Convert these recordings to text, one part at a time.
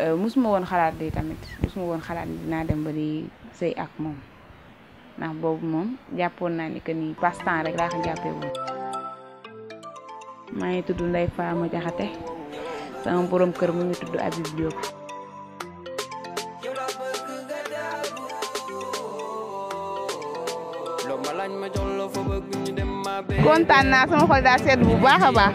Eh, musuma woon xalaat di tamit musuma woon xalaat ni dinaa dem ba di sëy ak moom ndax boobu moom jàppoon naa ni que ni passe temps rek laa ko jàppee woon maa ngi tudd Ndeye Fama Diakhaté sama borom kër mu ngi tudd Habib Diop kontaan naa sama xol daa sedd bu baax a baax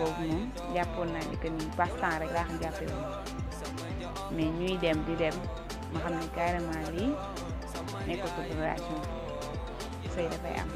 boobu moom jàppoon naa ni que ni passe rek laa ko jàppee mais ñuy dem di dem ma xam ne carrément lii nekkatul relation sëy dafay am.